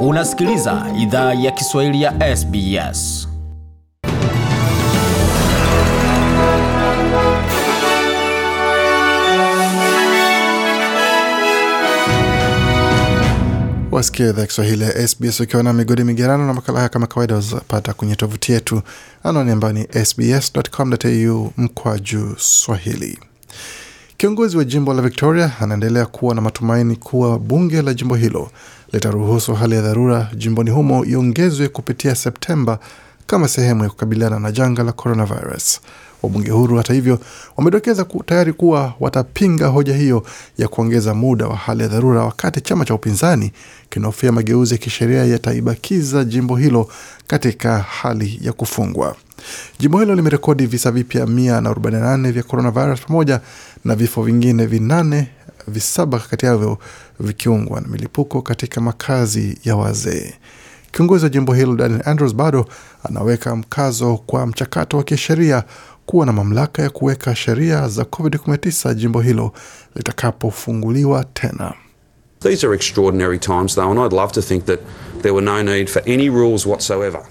Unasikiliza idhaa ya Kiswahili ya SBS. Wasikia idhaa Kiswahili ya SBS ukiwa na migodi migerano na makala haya kama kawaida, wazapata kwenye tovuti yetu, anaoni ambayo ni sbs.com.au mkwa juu swahili. Kiongozi wa jimbo la Victoria anaendelea kuwa na matumaini kuwa bunge la jimbo hilo litaruhusu hali ya dharura jimboni humo iongezwe kupitia Septemba kama sehemu ya kukabiliana na janga la coronavirus. Wabunge huru hata hivyo wamedokeza tayari kuwa watapinga hoja hiyo ya kuongeza muda wa hali ya dharura, wakati chama cha upinzani kinahofia mageuzi ya kisheria yataibakiza jimbo hilo katika hali ya kufungwa. Jimbo hilo limerekodi visa vipya 148 vya coronavirus pamoja na vifo vingine vinane, visaba kati yavyo vikiungwa na milipuko katika makazi ya wazee. Kiongozi wa jimbo hilo Daniel Andrews bado anaweka mkazo kwa mchakato wa kisheria kuwa na mamlaka ya kuweka sheria za COVID-19 jimbo hilo litakapofunguliwa tena.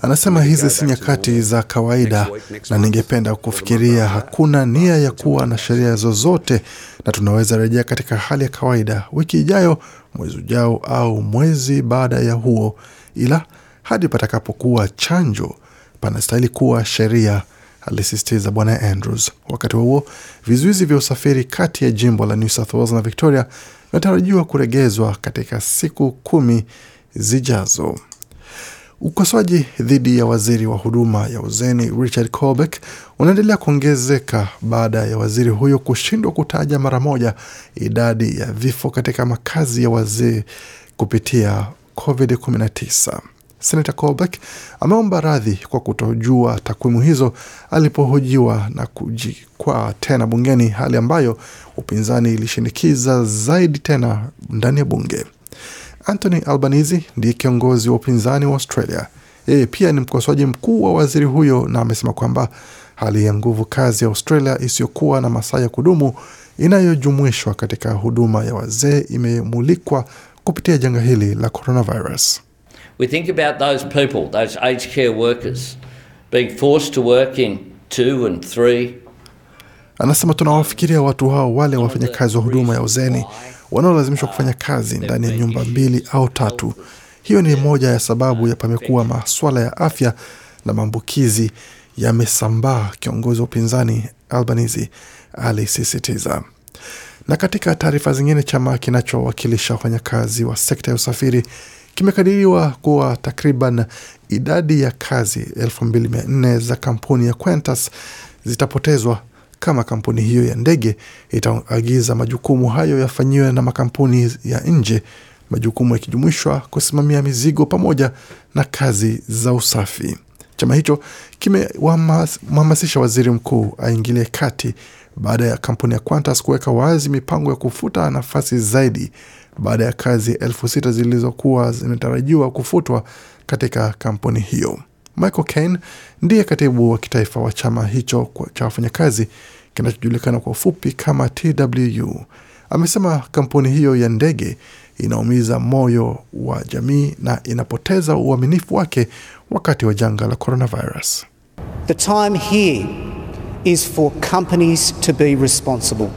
Anasema hizi si nyakati za kawaida na ningependa kufikiria hakuna nia ya kuwa na sheria zozote, na tunaweza rejea katika hali ya kawaida wiki ijayo, mwezi ujao, au mwezi baada ya huo, ila hadi patakapokuwa chanjo, panastahili kuwa sheria alisisitiza Bwana Andrews. Wakati huo vizuizi vya usafiri kati ya jimbo la New South Wales na Victoria vinatarajiwa kuregezwa katika siku kumi zijazo. Ukosoaji dhidi ya waziri wa huduma ya uzeni Richard Colbeck unaendelea kuongezeka baada ya waziri huyo kushindwa kutaja mara moja idadi ya vifo katika makazi ya wazee kupitia COVID-19. Senator Colbeck ameomba radhi kwa kutojua takwimu hizo alipohojiwa na kujikwaa tena bungeni, hali ambayo upinzani ilishinikiza zaidi tena ndani ya bunge. Anthony Albanese ndiye kiongozi wa upinzani wa Australia. Yeye pia ni mkosoaji mkuu wa waziri huyo na amesema kwamba hali ya nguvu kazi ya Australia isiyokuwa na masaa ya kudumu inayojumuishwa katika huduma ya wazee imemulikwa kupitia janga hili la coronavirus. We think about those people, those aged care workers, being forced to work in two and three. Anasema tunawafikiria watu hao, wale wafanyakazi wa huduma ya uzeni wanaolazimishwa kufanya kazi ndani ya nyumba mbili au tatu. Hiyo ni moja ya sababu ya pamekuwa maswala ya afya na maambukizi yamesambaa, kiongozi wa upinzani Albanese alisisitiza. Na katika taarifa zingine, chama kinachowakilisha wafanyakazi wa sekta ya usafiri kimekadiriwa kuwa takriban idadi ya kazi 24 za kampuni ya Qantas zitapotezwa kama kampuni hiyo ya ndege itaagiza majukumu hayo yafanyiwe na makampuni ya nje, majukumu yakijumuishwa kusimamia mizigo pamoja na kazi za usafi. Chama hicho kimemhamasisha waziri mkuu aingilie kati baada ya kampuni ya Qantas kuweka wazi mipango ya kufuta nafasi zaidi baada ya kazi elfu sita zilizokuwa zimetarajiwa kufutwa katika kampuni hiyo. Michael Kane ndiye katibu wa kitaifa wa chama hicho cha wafanyakazi kinachojulikana kwa ufupi kama TWU. Amesema kampuni hiyo ya ndege inaumiza moyo wa jamii na inapoteza uaminifu wake wakati wa janga la coronavirus. The time here is for companies to be responsible.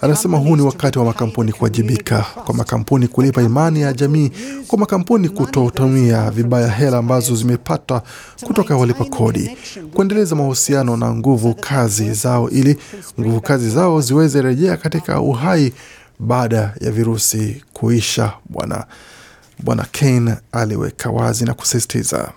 Anasema huu ni wakati wa makampuni kuwajibika, kwa makampuni kulipa imani ya jamii, kwa makampuni kutotumia vibaya hela ambazo zimepata kutoka walipa kodi, kuendeleza mahusiano na nguvu kazi zao ili nguvu kazi zao ziweze rejea katika uhai baada ya virusi kuisha. Bwana Bwana Kane aliweka wazi na kusisitiza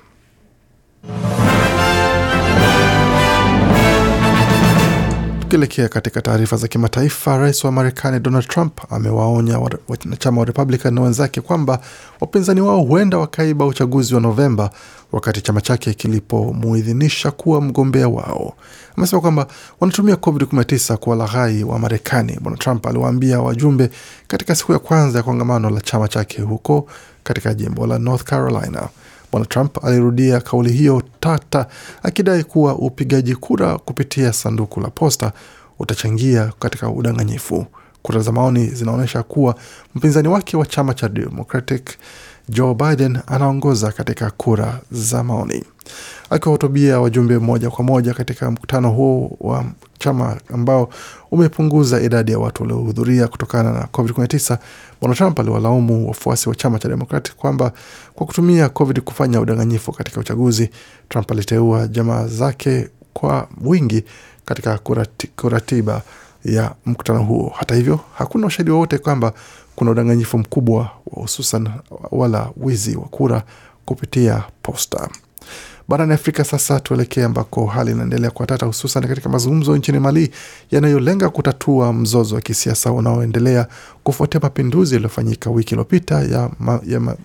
Tukielekea katika taarifa za kimataifa, rais wa Marekani Donald Trump amewaonya wanachama wa Republican na wenzake kwamba wapinzani wao huenda wakaiba uchaguzi wa Novemba wakati chama chake kilipomuidhinisha kuwa mgombea wao. Amesema kwamba wanatumia COVID-19 kuwa laghai wa Marekani. Bwana Trump aliwaambia wajumbe katika siku ya kwanza ya kongamano la chama chake huko katika jimbo la North Carolina. Bwana Trump alirudia kauli hiyo tata, akidai kuwa upigaji kura kupitia sanduku la posta utachangia katika udanganyifu. Kura za maoni zinaonyesha kuwa mpinzani wake wa chama cha Democratic Joe Biden anaongoza katika kura za maoni. Akiwahutubia wajumbe moja kwa moja katika mkutano huo wa chama ambao umepunguza idadi ya watu waliohudhuria kutokana na COVID-19, Bwana Trump aliwalaumu wafuasi wa chama cha Demokrati kwamba kwa kutumia COVID kufanya udanganyifu katika uchaguzi. Trump aliteua jamaa zake kwa wingi katika kurati, kuratiba ya mkutano huo. Hata hivyo, hakuna ushahidi wowote kwamba kuna udanganyifu mkubwa hususan wala wizi wa kura kupitia posta. Barani Afrika sasa tuelekee ambako hali inaendelea kwa tata, hususan katika mazungumzo nchini Mali yanayolenga kutatua mzozo wa kisiasa unaoendelea kufuatia mapinduzi yaliyofanyika wiki iliyopita ya, ma, ya ma,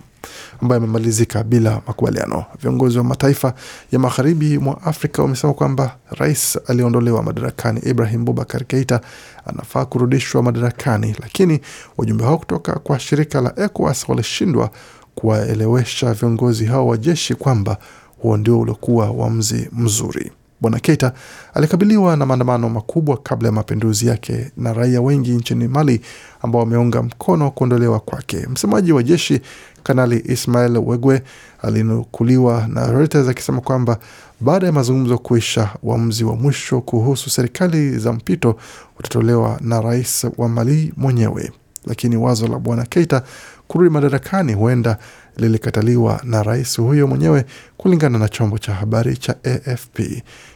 ambayo yamemalizika bila makubaliano. Viongozi wa mataifa ya magharibi mwa Afrika wamesema kwamba rais aliyeondolewa madarakani Ibrahim bubakar Keita anafaa kurudishwa madarakani, lakini wajumbe hao kutoka kwa shirika la ECOWAS walishindwa kuwaelewesha viongozi hao wa jeshi kwamba huo ndio uliokuwa uamuzi mzuri. Bwana Keita alikabiliwa na maandamano makubwa kabla ya mapinduzi yake na raia wengi nchini Mali ambao wameunga mkono kuondolewa kwake. Msemaji wa jeshi Kanali Ismail Wegwe alinukuliwa na Reuters akisema kwamba baada ya mazungumzo kuisha, uamuzi wa mwisho kuhusu serikali za mpito utatolewa na rais wa Mali mwenyewe lakini wazo la bwana Keita kurudi madarakani huenda lilikataliwa na rais huyo mwenyewe, kulingana na chombo cha habari cha AFP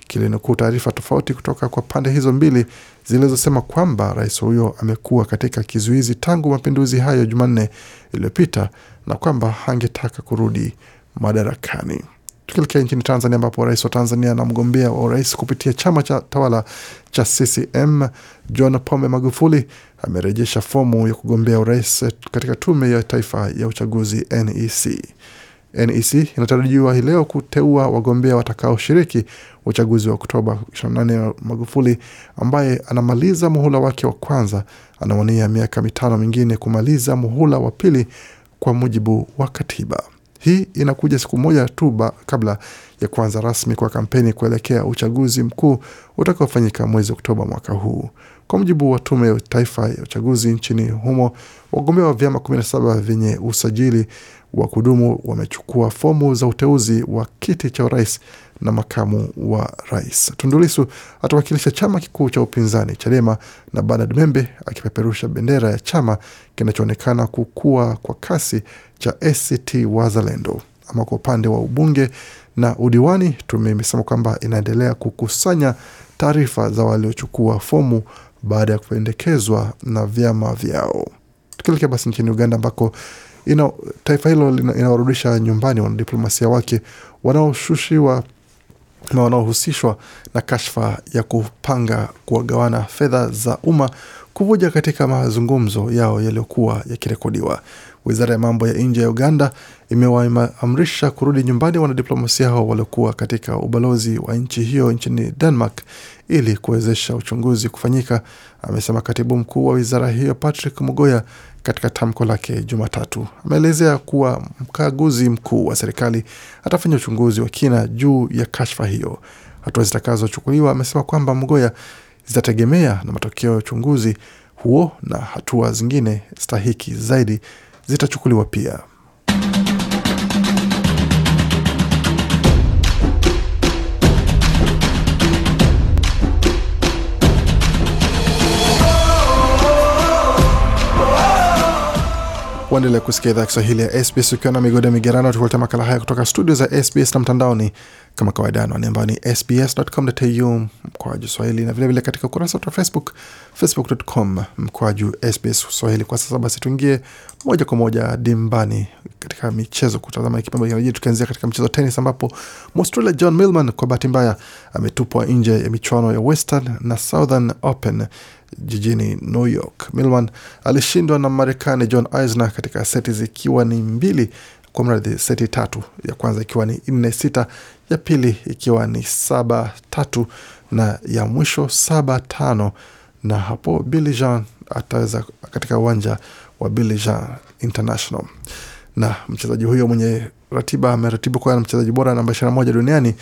kilinukuu taarifa tofauti kutoka kwa pande hizo mbili zilizosema kwamba rais huyo amekuwa katika kizuizi tangu mapinduzi hayo Jumanne iliyopita na kwamba hangetaka kurudi madarakani tukielekea nchini Tanzania ambapo rais wa Tanzania na mgombea wa urais kupitia chama cha tawala cha CCM John Pombe Magufuli amerejesha fomu ya kugombea urais katika Tume ya Taifa ya Uchaguzi NEC. NEC inatarajiwa hii leo kuteua wagombea watakaoshiriki uchaguzi wa Oktoba 28 wa Magufuli ambaye anamaliza muhula wake wa kwanza, anawania miaka mitano mingine kumaliza muhula wa pili kwa mujibu wa katiba. Hii inakuja siku moja tu kabla ya kuanza rasmi kwa kampeni kuelekea uchaguzi mkuu utakaofanyika mwezi Oktoba mwaka huu. Kwa mujibu wa Tume ya Taifa ya Uchaguzi nchini humo, wagombea wa vyama 17 vyenye usajili wa kudumu wamechukua fomu za uteuzi wa kiti cha urais na makamu wa rais. Tundulisu atawakilisha chama kikuu cha upinzani Chadema na Bernard Membe akipeperusha bendera ya chama kinachoonekana kukua kwa kasi cha ACT Wazalendo. Ama kwa upande wa ubunge na udiwani, tume imesema kwamba inaendelea kukusanya taarifa za waliochukua fomu baada ya kupendekezwa na vyama vyao. Tukielekea basi nchini Uganda ambako taifa hilo inawarudisha nyumbani wanadiplomasia wake wanaoshushiwa na wanaohusishwa na kashfa ya kupanga kuwagawana fedha za umma kuvuja katika mazungumzo yao yaliyokuwa yakirekodiwa. Wizara ya mambo ya nje ya Uganda imewaamrisha kurudi nyumbani wanadiplomasia hao waliokuwa katika ubalozi wa nchi hiyo nchini Denmark ili kuwezesha uchunguzi kufanyika, amesema katibu mkuu wa wizara hiyo Patrick Mugoya katika tamko lake Jumatatu. Ameelezea kuwa mkaguzi mkuu wa serikali atafanya uchunguzi wa kina juu ya kashfa hiyo. Hatua zitakazochukuliwa, amesema kwamba Mugoya, zitategemea na matokeo ya uchunguzi huo na hatua zingine stahiki zaidi zitachukuliwa pia. Waendelea kusikia idhaa Kiswahili ya SBS ukiwa na migode migerano, tukuletea makala haya kutoka studio za SBS na mtandaoni kama kawaida, anwani ambayo ni sbs.com.au mkwaju swahili, na vilevile katika ukurasa wetu wa Facebook, facebook.com mkwaju SBS Swahili. Kwa sasa basi, tuingie moja kwa moja dimbani katika michezo kutazama kipembe kinajiri, tukianzia katika mchezo wa tenis ambapo Mwaustralia John Millman kwa bahati mbaya ametupwa nje ya michuano ya Western na Southern Open jijini New York. Milman alishindwa na Marekani John Isner katika seti zikiwa ni mbili kwa mradhi, seti tatu, ya kwanza ikiwa ni nne sita, ya pili ikiwa ni saba tatu na ya mwisho saba tano, na hapo Billie Jean ataweza katika uwanja wa Billie Jean International na mchezaji huyo mwenye ratiba ameratibu kuwa mchezaji bora namba moja duniani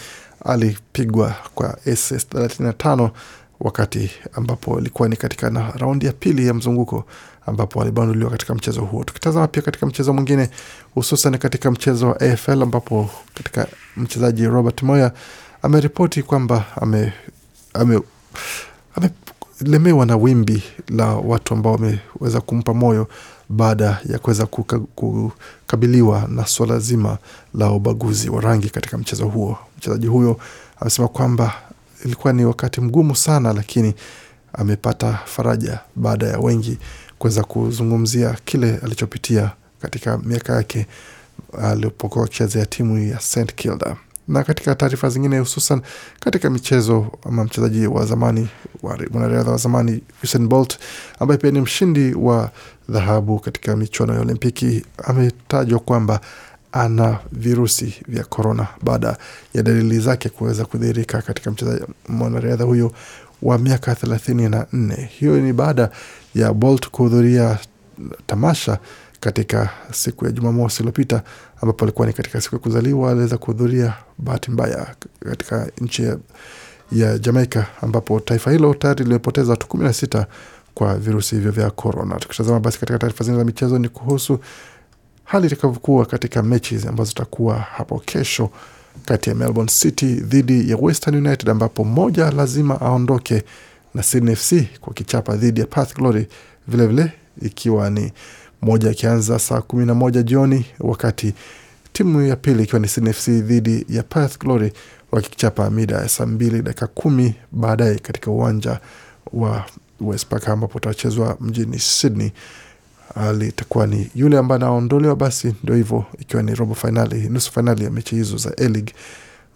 alipigwa kwa aces 35 wakati ambapo ilikuwa ni katika na raundi ya pili ya mzunguko ambapo walibanduliwa katika mchezo huo. Tukitazama pia katika mchezo mwingine, hususan katika mchezo wa AFL ambapo katika mchezaji Robert Moyer ameripoti kwamba ame, ame, amelemewa na wimbi la watu ambao wameweza kumpa moyo baada ya kuweza kukabiliwa na suala zima la ubaguzi wa rangi katika mchezo huo. Mchezaji huyo amesema kwamba ilikuwa ni wakati mgumu sana, lakini amepata faraja baada ya wengi kuweza kuzungumzia kile alichopitia katika miaka yake ah, alipokuwa akichezea timu ya St Kilda. Na katika taarifa zingine, hususan katika michezo, ama mchezaji wa zamani, mwanariadha wa zamani Usain Bolt ambaye pia ni mshindi wa dhahabu katika michuano ya Olimpiki ametajwa kwamba ana virusi vya korona baada ya dalili zake kuweza kudhihirika katika mchezaji mwanariadha huyo wa miaka thelathini na nne. Hiyo ni baada ya Bolt kuhudhuria tamasha katika siku ya Jumamosi iliyopita ambapo alikuwa ni katika siku ya kuzaliwa. Aliweza kuhudhuria bahati mbaya katika nchi ya, ya Jamaika ambapo taifa hilo tayari limepoteza watu kumi na sita kwa virusi hivyo vya korona. Tukitazama basi katika taarifa zingine za michezo ni kuhusu hali itakavyokuwa katika mechi ambazo zitakuwa hapo kesho kati ya Melbourne City dhidi ya Western United ambapo moja lazima aondoke na Sydney FC kwa kichapa dhidi ya Perth Glory vilevile vile, ikiwa ni moja akianza saa kumi na moja jioni, wakati timu ya pili ikiwa ni Sydney FC dhidi ya Perth Glory wakichapa mida ya saa mbili dakika kumi baadaye katika uwanja wa Westpac ambapo utachezwa mjini Sydney litakuwa ni yule ambaye anaondolewa, basi ndio hivyo, ikiwa ni robo fainali, nusu fainali ya mechi hizo za A-League,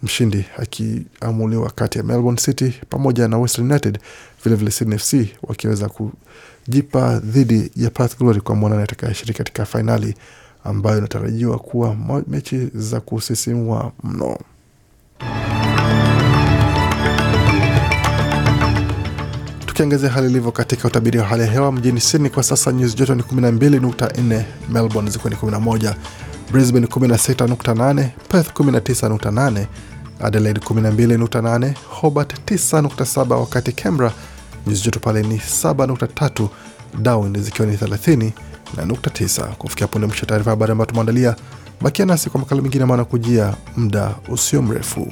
mshindi akiamuliwa kati ya Melbourne City pamoja na Western United, vilevile Sydney FC wakiweza kujipa dhidi ya Perth Glory kwa mwanane atakayeshiriki katika fainali ambayo inatarajiwa kuwa mechi za kusisimua mno. Tukiangazia hali ilivyo katika utabiri wa hali ya hewa mjini Sydney kwa sasa nyuzi joto ni 12.4, Melbourne zikiwa ni 11, Brisbane 16.8, Perth 19.8, Adelaide 12.8, Hobart 9.7, wakati Canberra nyuzi joto pale ni 7.3, Darwin zikiwa ni 30 na nukta Kufikia punde mwisho taarifa habari ambayo tumeandalia. Bakia nasi kwa makala mengine, maana kujia muda usio mrefu.